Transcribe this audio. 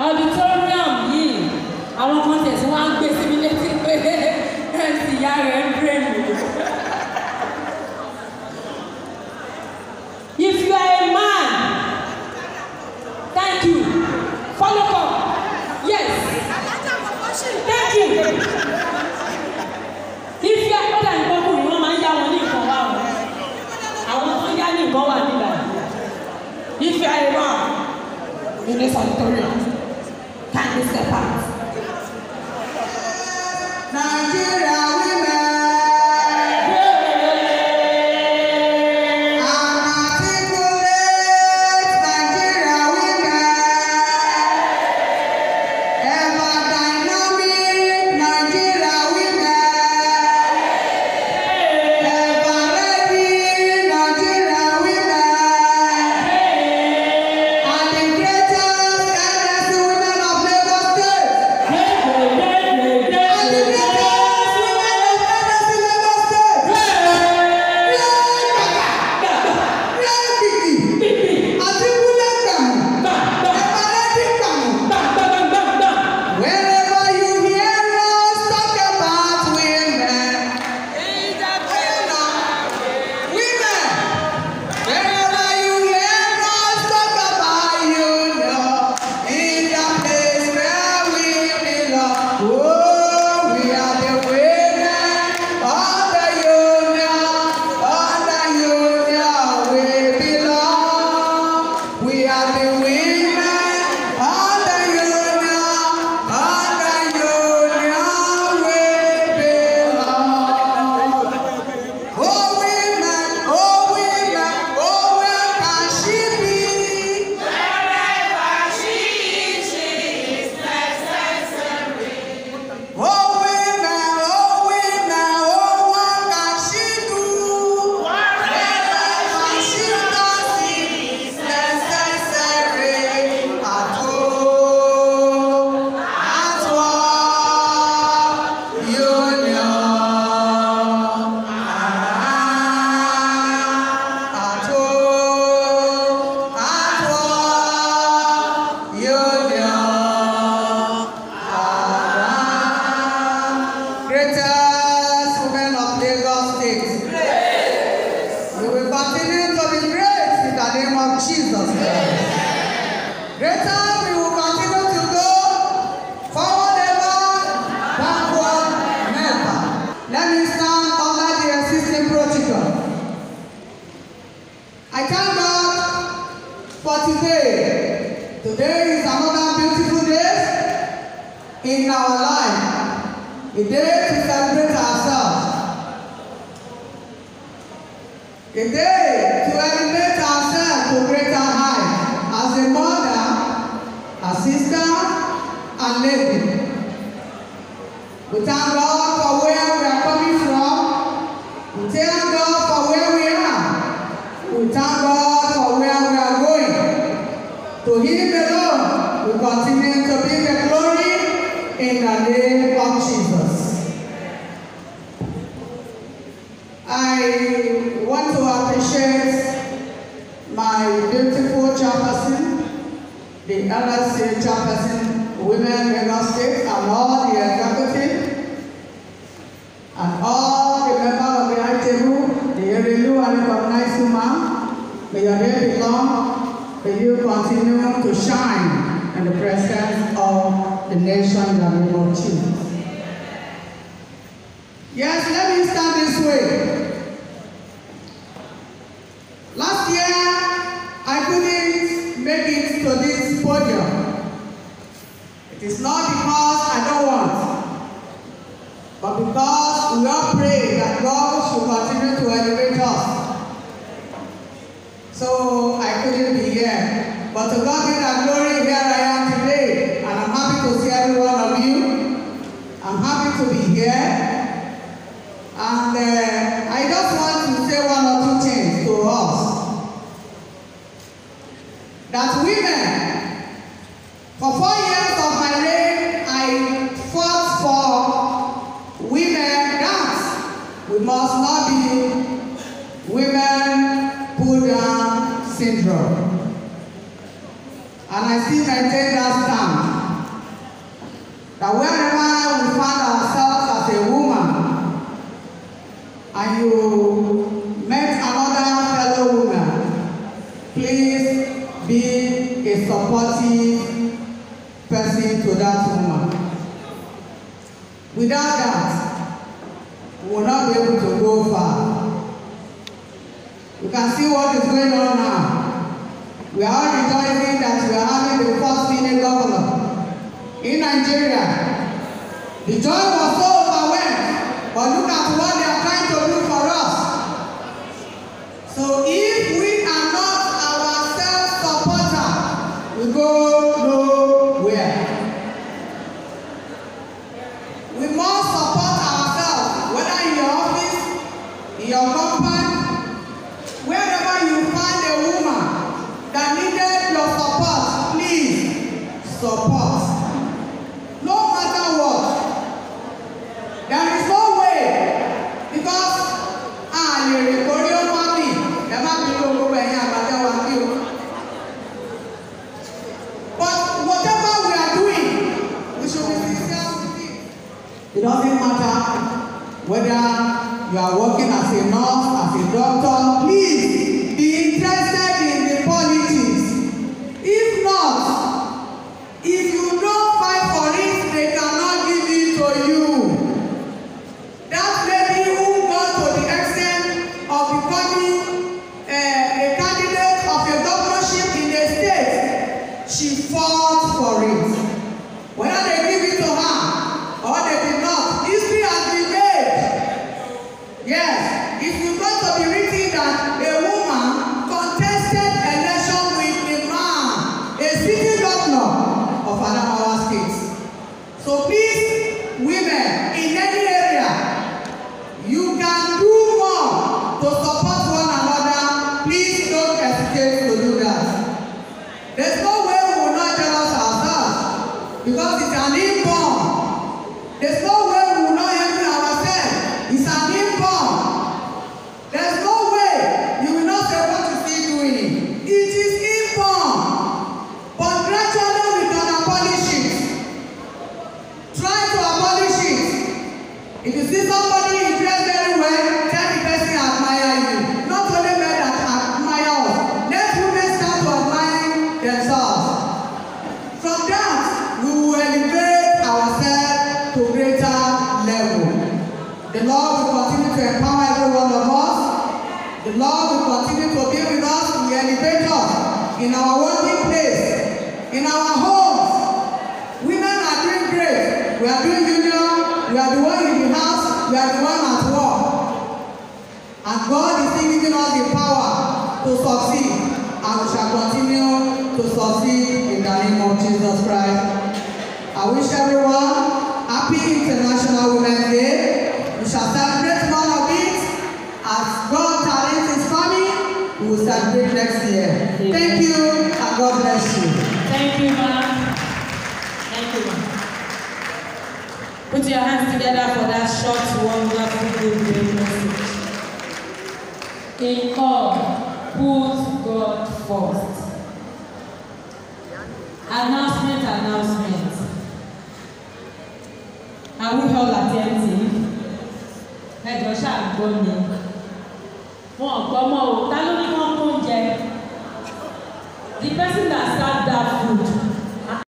auditorium yìí àwọn kan tẹ̀sí wọn á gbé síbi létí pé mc ìyá rẹ̀ ń bèrè mi. if you are a man thank you follow up yes thank you if you are older than ọkùnrin wọn máa wá wọn àwọn a man Mr. Park. our life, a day to celebrate ourselves, a day to elevate ourselves to greater heights as a mother, a sister, and lady. We thank God for The LSC chairperson, women Lagos State, and all the executive, and all the members of the high table, the Erelu and recognized woman, may your name be long, may you continue to shine in the presence of the nation that we love you. Yes, let me start this way. Last year, It's not because I don't want, but because we all pray that God should continue to elevate us. So I couldn't be here. But to God still maintain that stand. That when apart. asked for it. Whether they give it to her or they did not, history has been made. Yes, If you not to be reading that a woman contested election with a man, a city governor of Adamawa State. So please Lord, you continue to be with us, you elevate us in our working place, in our homes. Women are doing great. We are doing union, we are the one in the house, we are the one at work. And God is still giving us the power to succeed, and we shall continue to succeed in the name of Jesus Christ. I wish everyone happy international Put your hands together for that short, wonderful, good, great message. In all, put God first. Announcement, announcement. Are we all attentive? Ẹ jọ ṣáà gbọ́ mi. Wọ́n gbọ́ mọ́ o, ta ló ní wọ́n kó oúnjẹ?